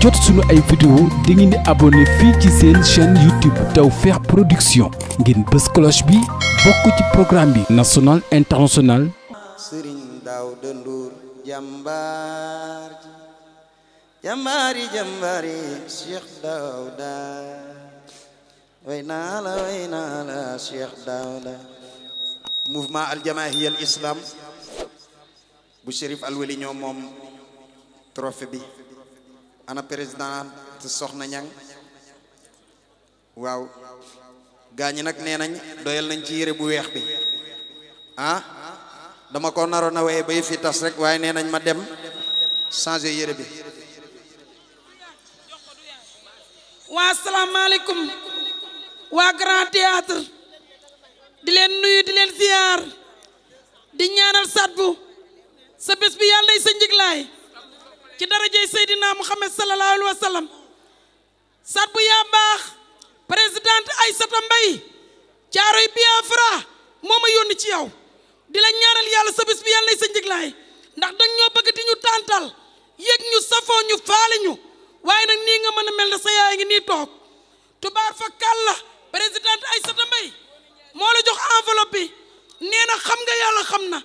jot suñu ay vidéo da ngeen di abonné fii ci seen chaîne YouTube Tawfekh Production ngeen bës cloche bi bokk ci programme bi national international Serigne Daouda Ndour jàmbaar jàmbaari al islam bu Chérif Alweli ñoom moom trophée bi ana président soxna ñang waaw gaa ñi nag nee nañ doyal nañ ci yére bu weex bi ah dama ko naroon a waye bay fi tas rek waaye nee nañ ma dem changer yére bi waa asalaamaaleykum waa grand théâtre di leen nuyu di leen ziar di ñaanal Sadbou sa bés bi yàlla nay sa njëglaay ci darajey Seydina Muhammad sallallahu alayhi wa sallam sat bu yaa baax présidente Aïssata Mbaye caaroy Biafra moo ma yónni ci yow di la ñaanal yàlla sa bis bi yàlla nay sa njëglaay ndax dañ ñoo bëgg di ñu tàntal yëg ñu safoo ñu faale ñu waaye nag nii nga mën a mel na sa yaay ngi nii toog tubaar fa kàlla présidente Aïssata Mbaye moo la jox enveloppe bi nee na xam nga yàlla xam na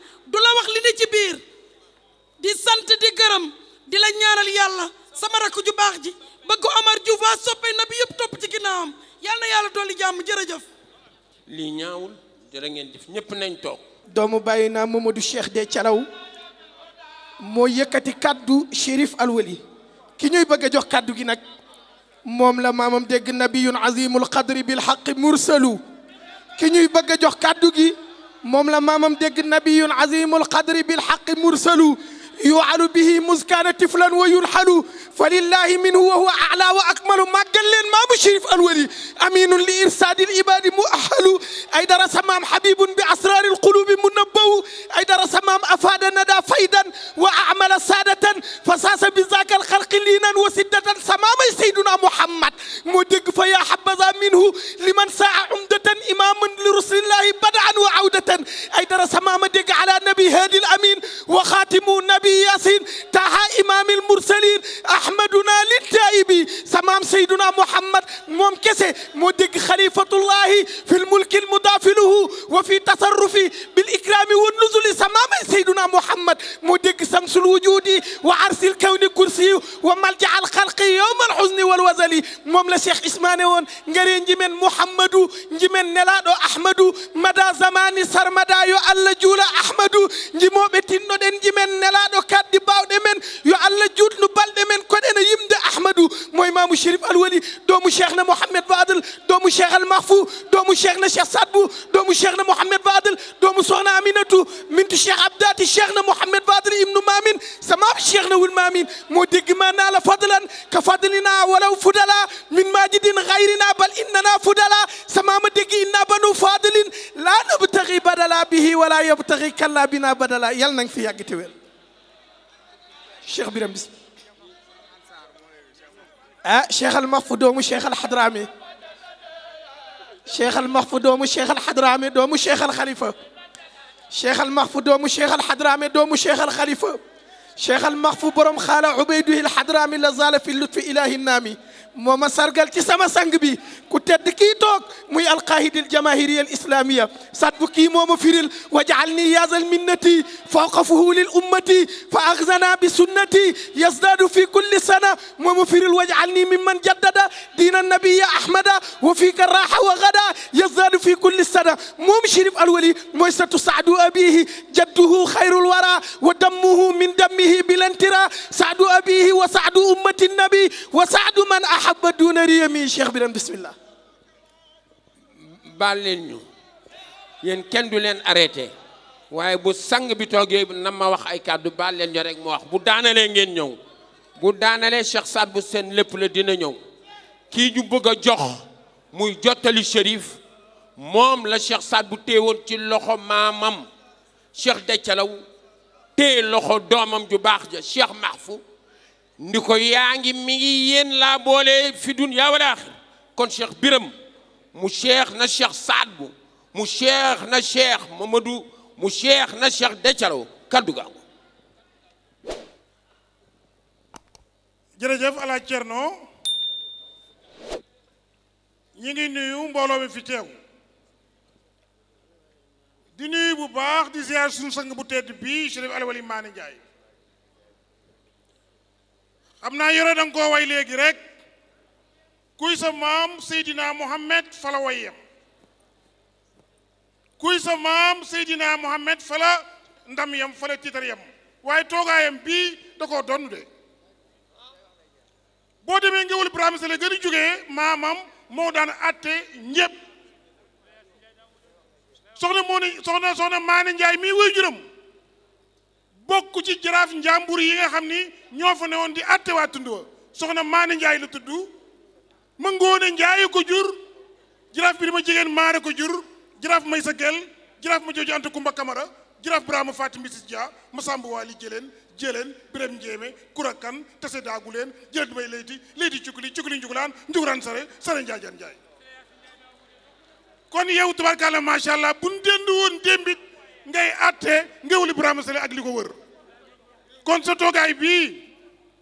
la ñaanal yàlla sama rakk ju baax ji bëgg ko Omar Diouf waa na bi yëpp topp ci ginnaawam yàlla na yàlla dolli jàmm jërëjëf lii ñaawul jërë ngeen jëf ñëpp nañ toog doomu bàyyi naa moom du Cheikh de Thialaw moo yëkkati kàddu sherif Alwali ki ñuy bëgg a jox kàddu gi nag moom la maamam dégg nabiyun azimul qadri bil xaqi mursalu ki ñuy bëgg a jox kàddu gi moom la maamam dégg nabiyun azimul qadri bil xaqi mursalu yuwaalu bihi muskaana tiflan wa yulxalu fa lillahi minhu wa huwa ala wa akmalu màggal leen maamu Chérif alwali aminun li irsaadil ibaadi mu ahalu ay dara samaam habibun bi asraaril qulubi mu nëbb ay dara samaam afaada nada faydan wa amala saadatan fa saasa bi zaakal xalqi liinan wa siddatan samaamay sayduna muhammad moo dégg fa yaa habaza minhu liman saa umdatan imaman li rusulillahi badaan wa awdatan ay dara samaama dégg ala nabi haadi l amin wa xaatimu nabi yasin taha imam al mursalin ahmaduna littaibi samaam sayduna muhammad moom kese moo dégg xalifatullahi fi l mulki l mudaafiluhu wa fi tasarrufi bil ikrami woon nuzuli sa maamay sayduna muhammad moo dégg samsul wujudi wa arsil kawni kursi wa malja al xalqi yowmal xuzni wal wasali moom la cheikh ismaane woon ngari njimen muhammadu njimen nelaɗo ahmadu mada zamani sarmada yo allah juula ahmadu njimoɓe tinnoɗen njimen nelaɗo kaddi bawɗe men yo allah juutnu balɗe men koɗen e yimde ahmadu moye mamu chérif alwali doomu cheikh na mouhamed badal doomu cheikh al mahfou doomu cheikh na cheikh sadbou doomu cheikh na mouhamed badal doomu sohna aminatu bintu mintu cheikh abdaati cheikh na mouhamad badri ibnu mamin sama cheikh na wul mamin moo dégg maa naa la fadlan ka fadlina walaw fudala min majidin xayrina bal innana fudala sama ma dégg inna banu fadlin laa nabtaxi badala bihi wala yabtaxi kalla bina badala yal nañ fi yàgg te wér cheikh biram bis ah cheikh al mahfu doomu cheikh al hadrami cheikh al mahfu doomu cheikh al hadrami doomu cheikh al xalifa cheikh al maxfu doomu cheikh al xadraame doomu cheikh al xalifa cheikh al maxfu borom xaala ubayduhi al xadraami la zaala fi lutfi ilahi naami moo ma sargal ci sama sang bi ku tedd kii toog muy alqaahidil jamaahiriya al islamiya sat bu kii moo ma firil wa jaalni yaazal minnati fawqa fuhulil ummati fa axzana bi sunnati yazdaadu fi kulli sana moo ma firil wa jaalni mimman jaddada diina nabiya ahmada wa fiika raaxa wa gada yazdaadu fi kulli sana moom shérif alwali mooy satu saadu abihi jadduhu xayrul wara wa dammuhu min dammihi bilantira saadu abihi wa saadu ummati nabi wa saadu man mahabba duuna riyami cheikh bi dem bismillah baal leen ñu yéen kenn du leen arrêté waaye bu sang bi toogee na ma wax ay kàddu baal leen ñu rek mu wax bu daanalee ngeen ñëw bu daanalee cheikh saad bu seen lépp la dina ñëw kii ñu bëgg a jox muy jottali shérif moom la cheikh saad bu téewoon ci loxo maamam cheikh deccalaw téye loxo doomam ju baax ja cheikh mahfu ndi ko yaa ngi mi ngi yéen laa boole fi dunya wal kon cheikh biram mu cheikh na cheikh saat bu mu cheikh na cheikh mamadou mu cheikh na cheikh decalo kaddu gaangu jërëjëf alaaj cerno ñi ngi nuyu mbooloo mi fi teew di nuyu bu baax di ziar suñu sang bu tedd bii chérif alwali maani njaay am naa yore danga koo way léegi rek kuy sa maam Seydina Mohamed fala way yam kuy sa maam Seydina Mohamed fala ndam yam fala tiitar yam waaye toogaayam bii da koo de boo demee ngewul Birame Sele gën a jógee maamam moo daan atte ñëpp soxna moo ne soxna soxna Maane Njaay mii wéy juram bokk ci jaraaf njàmbur yi nga xam ni ñoo fa newoon di àtte waa tund wa soxna Maane Njaay la tudd ma Ngoone Njaay ko jur jaraaf bi dama jigéen maare ko jur jaraaf may sa gel jaraaf ma jooju Anta Kumba Kamara jaraaf Birama Fatim Bisis Dia Masamba Waali jëleen jëleen Birem Njéeme Kurakan Tase Daagu leen jëleen may layti layti cukuli cukuli njugulaan njugulaan sare sare njaajaan njaay kon yow tabarkàlla macha allah bu ñu woon ngay àttee ngéwul Ibrahima Sall ak li ko wër kon sa toogaay bii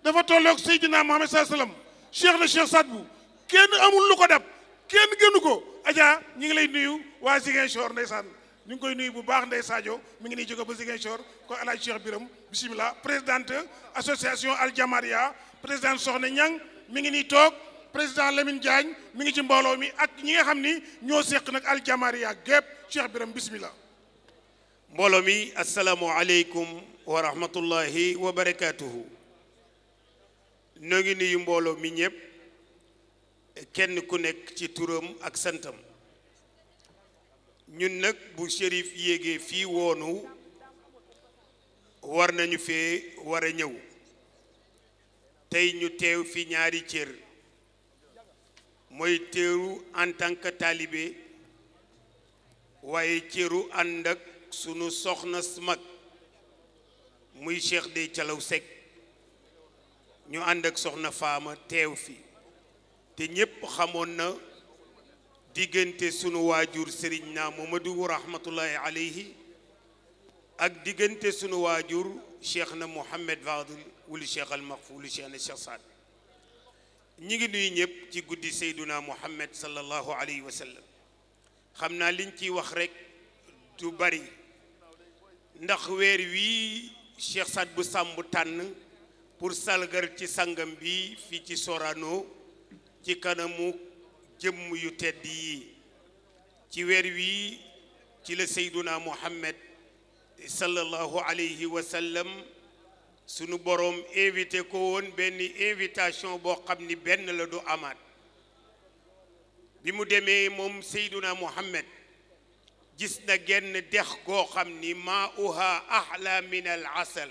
dafa tolloog sa Mohamed saa sallam Cheikh na sat Sadbu kenn amul lu ko dab kenn gënu ko Adja ñi ngi lay nuyu waa Ziguinchor ndeysaan ñu ngi koy nuyu bu baax Ndey Sadio mi ngi nii jóge ba Ziguinchor kon El Hadj Cheikh Biram bisimilah présidente association Al Jamaria présidente Soxna Ñang mi ngi nii toog président Lamine Diagne mi ngi ci mbooloo mi ak ñi nga xam ni ñoo seq nag Al Jamaria gépp Cheikh Biram bisimilah. mbooloo mi asalaamualeykum wa rahmatullahi wa barakaatuhu noo ngi mbooloo mi ñëpp kenn ku nekk ci turam ak santam ñun nag bu shérif yéegee fii woonu war nañu fee war ñëw tey ñu teew fi ñaari cër mooy teeru en tant waaye cëru ànd ak sunu soxna su mag muy Cheikh dey calaw Seck ñu ànd ak soxna faama teew fii te ñépp xamoon na diggante sunu waajur sëriñ naa Mamadou rahmatullahi alayhi ak diggante sunu waajur cheikh na Mouhamed Fadil wulu cheikh al Mahfouz wulu cheikh na Cheikh ñi ngi nuyu ñëpp ci guddi seyduna Mouhamed sallallahu alayhi wa xam naa liñ ciy wax rekk du bari ndax weer wii Cheikh Saad bu Samb tànn pour salgar ci sangam bi fii ci Sorano ci kanamu jëmm yu tedd yi ci weer wii ci la Seyduna Muhammad sallallahu alayhi wa sallam sunu boroom invité ko woon benn invitation boo xam ni benn la du amaat bi mu demee moom Seyduna Muhammad gis na genn dex goo xam ni maa uha ahla min al asal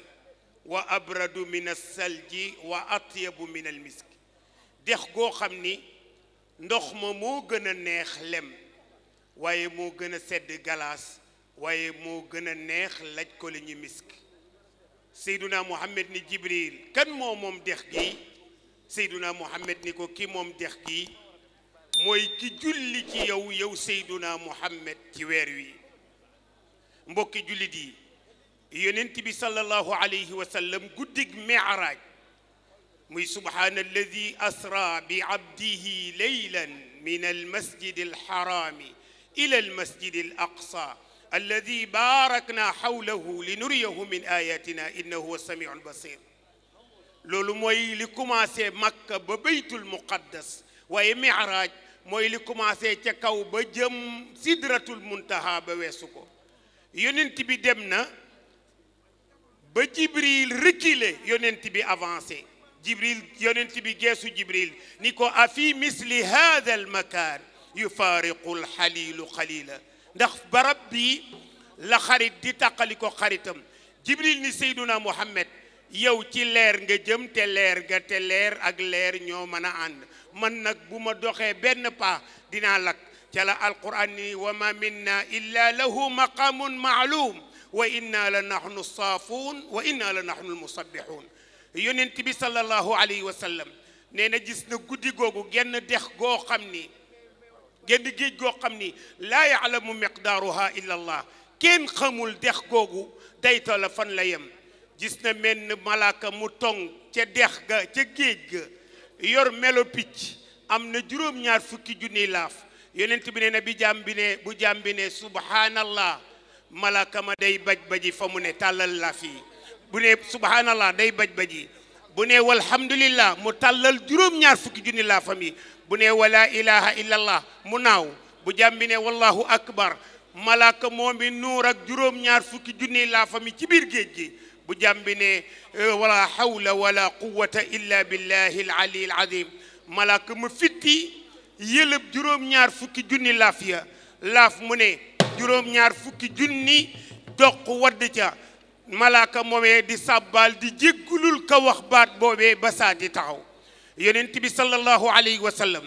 wa abradu min al salji wa atyabu min al misk dex goo xam ni ndox ma moo gën a neex lem waaye moo gën a sedd galaas waaye moo gën a neex laj ko li ñu misk seyduna muhammad ni jibril kan moo moom dex gi seyduna muhammad ni ko ki moom dex gi mooy ki julli ci yow yow seyduna muhammad ci weer wi mbokki jullit yi yonent bi sallallahu alayhi wa sallam guddig miraaj muy subhaana alladi asra bi abdihi leylan min almasjid alxaraami ila almasjid alaqsa alladi baarakna xawlahu linuriyahu min ayatina innahu huwa samiu albasir loolu mooy li commencé makka ba baytul muqaddas waaye miraaj mooy li commencé ca kaw ba jëm sidratul muntaha ba weesu ko yonent bi dem na ba jibril reculé yonent bi avancé jibril yonent bi geesu jibril ni ko afi misli hada al makaan yufaariqu al xaliilu xalila ndax barab bi la xarit di tàqali ko xaritam jibril ni seyduna muhammad yow ci leer nga jëm te leer nga te leer ak leer ñoo mën a ànd man nag bu ma doxee benn pa dinaa lakk ca la alquran ni wa ma minna illa lahu maqamun maalum wa inna la nahnu saafuun wa inna la nahnu almusabbixuun yonent bi sallallahu alayhi wa sallam nee na gis na guddi googu genn dex goo xam ni genn géej goo xam ni laa yaalamu miqdaaruha illa allah kenn xamul dex googu dayta la fan la yem gis na menn malaaka mu tong ca dex ga ca géej ga yor melo picc am na juróom-ñaar fukki junniy laaf yonent bi ne na bi jaam bu jaam bi ne subhaanallah malaaka ma day baj baji fa mu ne tàllal laaf bu ne subhaanallah day baj baji bu ne walhamdulillah mu tàllal juróom-ñaar fukki junni laafam yi bu ne wala ilaha illallah mu naaw bu jaam bi ne wallahu akbar malaaka moom nuur ak juróom-ñaar fukki junni laafam yi ci biir géej gi bu jàm bi ne eh, wala hawla wala quwata illa billahi al ali al azim malaaka ma fitti yëlëb juróom-ñaar fukki junni laaf ya laaf mu ne juróom-ñaar fukki junni doq wadd ca malaaka moomee di sàbbaal di jéggulul ka wax baat boobee ba saa di taxaw yonent bi sallallahu alayhi wa sallam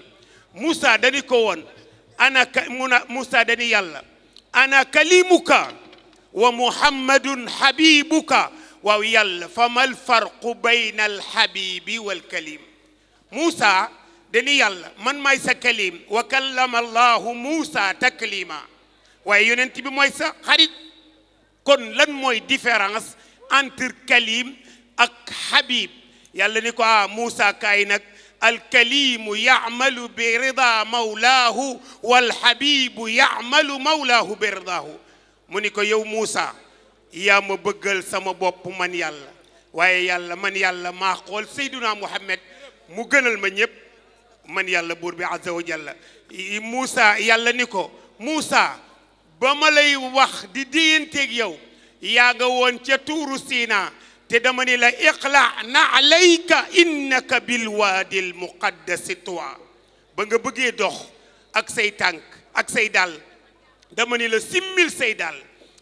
Moussa dañu ko woon ana ka mun a Moussa dañu yàlla ana kalimuka wa muhammadun habibuka waaw yàlla fa mal farqu bayna alxabibi walkalim muusa dani yàlla man maay sa kalim wa kallama allahu muusa taklima waaye yonent bi mooy sa xarit kon lan mooy différence entre kalim ak xabib yàlla ni ko ah muusa kaay nag alkalimu yamalu bi rida mawlaahu walxabibu yamalu mawlaahu bi ridaahu mu ni ko yow muusa yaa ma bëggal sama bopp man yàlla waaye yàlla man yàlla maa xool seyduna muhammad mu gënal ma ñëpp man yàlla buur bi azza wa jalla Moussa yàlla ni ko Moussa ba ma lay wax di déyanteeg yow yaa nga woon ca tuuru Siina te dama ni la iqla na'layka innaka bil waadil muqaddasi tuwa ba nga bëggee dox ak say tànk ak say dàll dama ni la simmil say dàll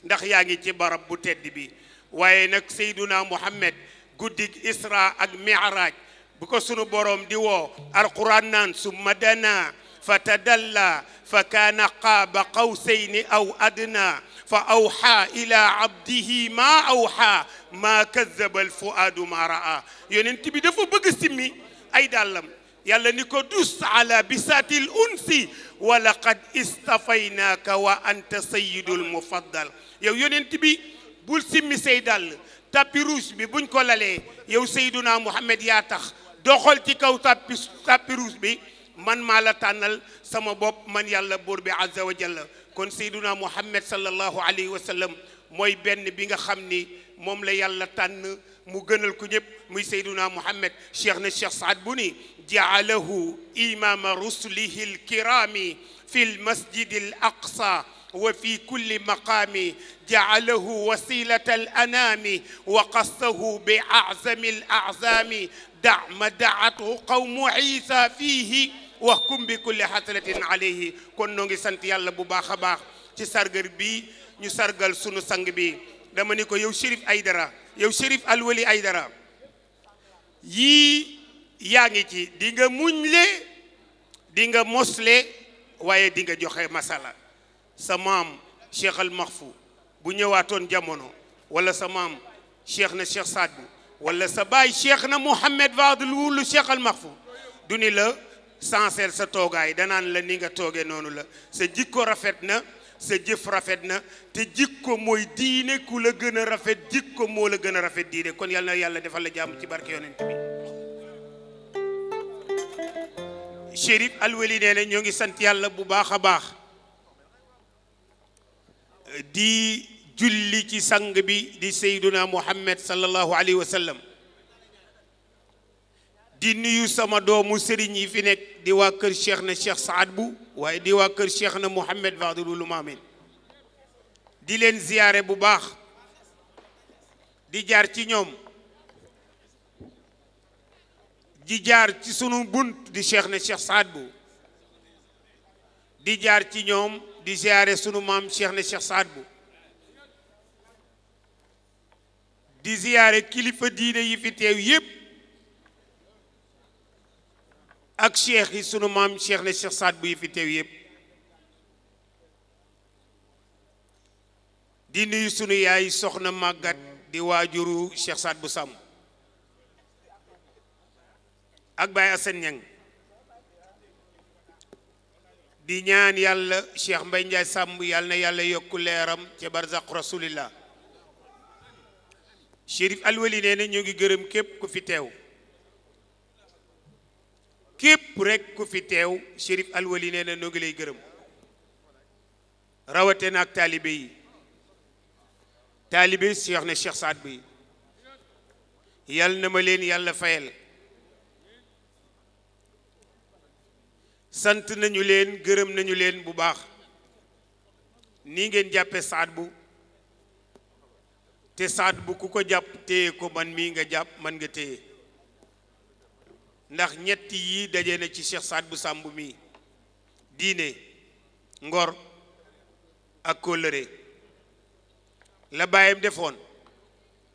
ndax yaa ngi ci barab bu tedd bi waaye nag seyduna muhammad guddig isra ak miraaj bu ko sunu boroom di woo alquran naan summa dana fa tadalla fa kaana qaaba qawsayni aw adna fa awxaa ila abdihi maa awxaa maa kazzaba alfuaadu maa raa yonent bi dafa bëgg simmi ay dàllam yàlla ni ko dus ala bisaatil unsi wa laqad istafaynaaka wa anta sayidul mufaddal yow yonent bi bul simmi say dàll tapis rouge bi buñ ko lalee yow sayduna muhammad yaa tax doxal ci kaw tapis tapis rouge bi man maa la tànnal sama bopp man yàlla buur bi azza wa jalla kon sayduna muhammad sallallahu alayhi wa sallam mooy benn bi nga xam ni moom la yàlla tànn mu gënal ku ñëpp muy sayduna muhammad cheikh na cheikh saad bu ni jaalahu imama rusulihi lkirami fi lmasjidi al aqsa wa fi kulli maqaami jaalahu wasilata al anaami wa qassahu bi azami al azaami da ma daathu qawmu isa fiihi wa kum bi kulli xasanatin alayhi kon noo ngi sant yàlla bu baax a baax ci sargal bi ñu sargal sunu sang bi dama ni ko yow ay dara yow Chérif ay dara yii yaa ngi ci di nga muñle di nga mosle waaye di nga joxe masala sa maam Cheikh Al Mahfou bu ñëwaatoon jamono wala sa maam Cheikh na Cheikh Saad Bou wala sa baay Cheikh na Mouhamed Fadel wulu Cheikh Al Mahfou du ni la sanseel sa toogaay danaan la ni nga tooge noonu la sa jikko rafet na sa jëf rafet na te jikko mooy diine ku la gën a rafet jikko moo la gën a rafet diine kon yàlla yàlla defal la jàmm ci barke yonent bi Chérif Alweli nee na ñoo ngi sant yàlla bu baax a baax di julli ci sang bi di seyduna muhammad sallallahu alayhi wa sallam di nuyu sama doomu sëriñ yi fi nekk di waa kër cheikh na cheikh saad bu waaye di waa kër cheikh na mouhamad fadilul umaamin di leen ziyaare bu baax di jaar ci ñoom di jaar ci sunu bunt di cheikh na cheikh saad bu di jaar ci ñoom di ziyaare sunu maam cheikh na cheikh saad bu di ziyaare kilifa diine yi fi teew yépp ak cheikh yi sunu maam cheikh ne cheikh Saad bu fi teew yëpp di nuyu sunu yaay soxna màggat di waajuru cheikh Saad bu sàmm ak Baye Assane di ñaan yàlla cheikh Mbaye Ndiaye sàmm yàlla yàlla yokk leeram ci barzaq rasulillah Chérif Alwali nee na ngi gërëm képp ku fi teew képp rek ku fi teew Chérif Alwali nee na noo ngi lay gërëm rawate na ak taalibe yi taalibe Cheikh ne Cheikh Saad bi yàlla na ma leen yàlla fayal sant nañu leen gërëm nañu leen bu baax nii ngeen jàppe Saad bu te saat bu ku ko jàpp téye ko man mii nga jàpp man nga téye ndax ñetti yi daje na ci Cheikh Saad bu Sàmb mi diine ngor ak kóllëre la bàyyam defoon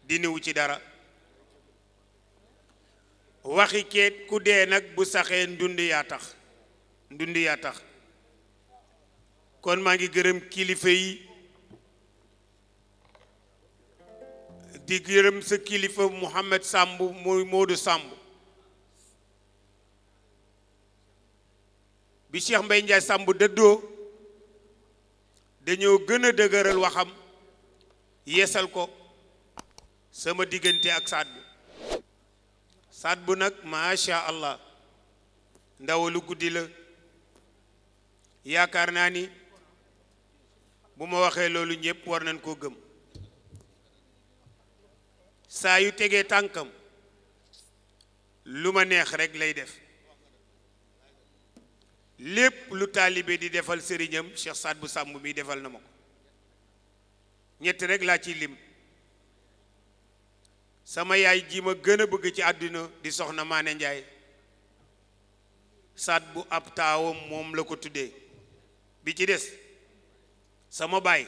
diine ci dara waxi keet ku dee nag bu saxee ndund yaa tax ndund yaa tax kon maa ngi gërëm kilifa yi di gërëm sa kilifa Mouhamed Samb mooy Modou Samb bi Cheikh Mbaye Ndiaye Samb dëddoo dañoo gën a dëgëral waxam yeesal ko sama diggante ak saat bu saat bu nag macha allah ndawalu guddi la yaakaar naa ni bu ma waxee loolu ñëpp war nañ koo gëm saa yu tegee tànkam lu ma neex rekk lay def lépp lu taalibe di defal sëriñam Cheikh Saad bu sàmm mii defal na ma ko ñett rek laa ci lim sama yaay ji ma gën a bëgg ci àdduna di soxna Maane Njaay saat bu ab taawam moom la ko tuddee bi ci des sama baay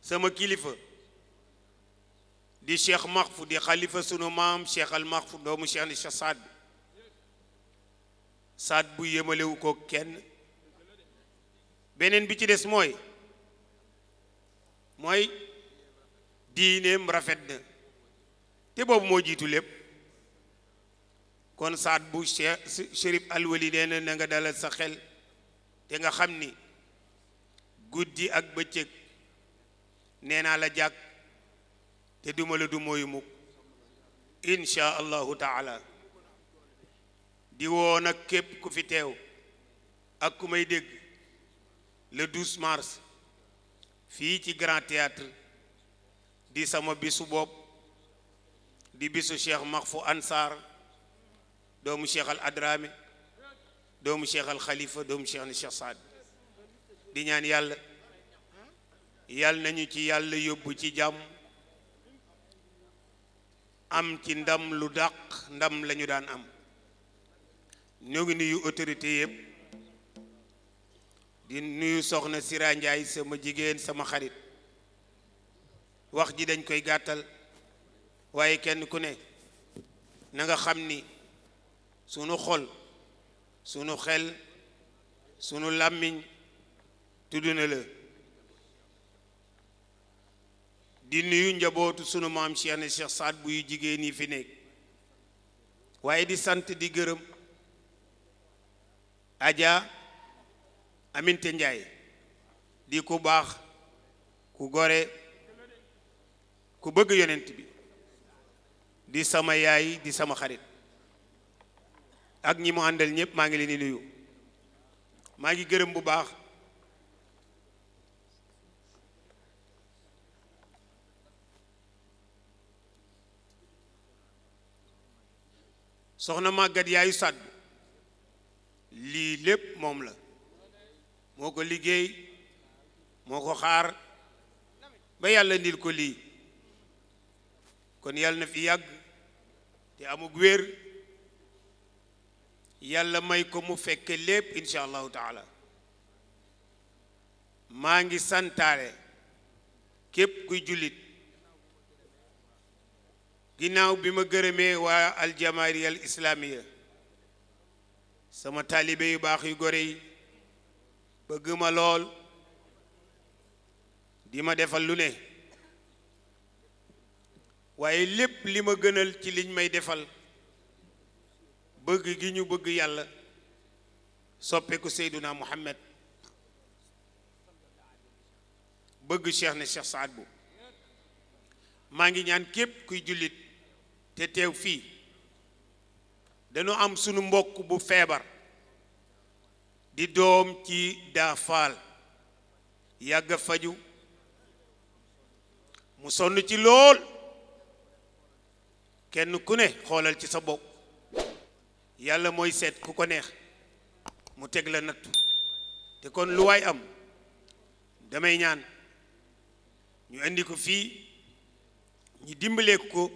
sama kilifa di Cheikh Maxfu di xalifa sunu maam Cheikh al Maxfu doomu Cheikh ni Cheikh Saad bi saat bu yemalewu ko kenn beneen bi ci des mooy mooy diineem rafet na te boobu moo jiitu lépp kon saat bu Chérif Alwali nee na na nga dalal sa xel te nga xam ni guddi ak bëccëg nee naa la jàkk te duma la du mooyu mukk insha allahu taala di woo nag képp ku fi teew ak ku may dégg le 12 fii ci Grand Théâtre di sama bisu bopp di bisu Cheikh fu Ansar doomu Cheikh Al Adrami doomu Cheikh Al Khalifa doomu Cheikh ni Cheikh Saad di ñaan yàlla yàlla nañu ci yàlla yóbbu ci jàmm am ci ndam lu dàq ndam lañu daan am ñoo ngi nuyu autorité yëpp di nuyu soxna Sira Ndiaye sama jigéen sama xarit wax ji dañ koy gàttal waaye kenn ku ne na nga xam ni sunu xol sunu xel sunu làmmiñ tudd na la di nuyu njabootu sunu maam Cheikh ne Cheikh Saad buy jigéen yi fi nekk waaye di sant di gërëm Adja Aminte Njaay di ku baax ku gore ku bëgg yonent bi di sama yaay di sama xarit ak ñi mu àndal ñëpp maa ngi leen di nuyu maa ngi gërëm bu baax soxna màggat yaayu sàddu lii lépp moom la moo ko liggéey moo ko xaar ba yàlla ndil ko lii kon yàlla na fi yàgg te amug wér yàlla may ko mu fekke lépp incha allahu taala maa ngi santaale képp kuy jullit ginnaaw bi ma gërëmee waa aljamaariya al sama taalibe yu baax yu gore yi bëgg ma lool di ma defal lu ne waaye lépp li ma gënal ci liñ may defal bëgg gi ñu bëgg yàlla soppeeku Seyduna Muhammad bëgg Cheikh ne Cheikh Saad bu maa ngi ñaan képp kuy jullit te teew fii dañu am sunu mbokk bu feebar di doom ci daafal yàgg faju mu sonn ci lool kenn ku ne xoolal ci sa bokk yàlla mooy seet ku ko neex mu teg la nattu te kon lu waay am damay ñaan ñu indi ko fii ñu dimbalee ko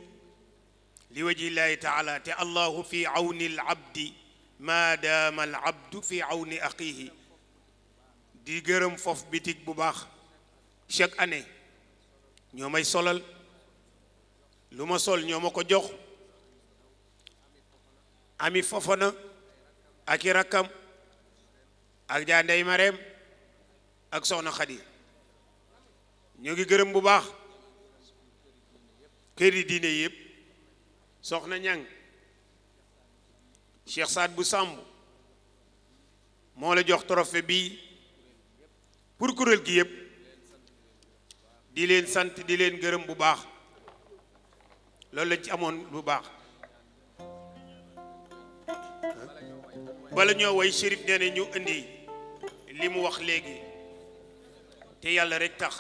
li waji llaahi taala te allahu fi awni al abdi maa daama al abdu fi awni axiihi di gërëm foofu bitig bu baax chaque année ñoo may solal lu ma sol ñoo ma ko jox ami fofana ak i rakkam ak jaandey mareem ak soxna xadi ñoo ngi gërëm bu baax kër yi diine yëpp soxna ñang Cheikh Saad bu Samb moo la jox trophée bi pour kuréel gi yëpp di leen sant di leen gërëm bu baax loolu la ci amoon bu baax bala ñoo woy shérif nee ñu indi li mu wax léegi te yàlla rek tax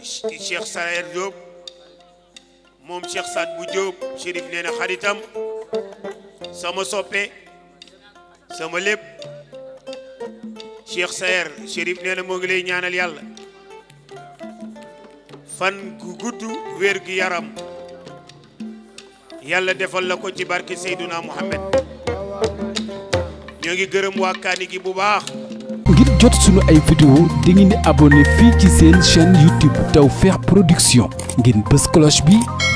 Cheikh Saer Diop moom Cheikh Saad bu Diop Chérif nee na xaritam sama soppe sama lépp Cheikh Saer Chérif nee moo ngi lay ñaanal yàlla fan gu gudd wér gi yaram yàlla defal la ko ci barke Seydouna Mohamed ñoo ngi gërëm waa gi bu baax ngir jot suñu ay vidéo di ngeen di abonné fii ci seen chaîne YouTube Tawfekh Production ngeen bës cloche bi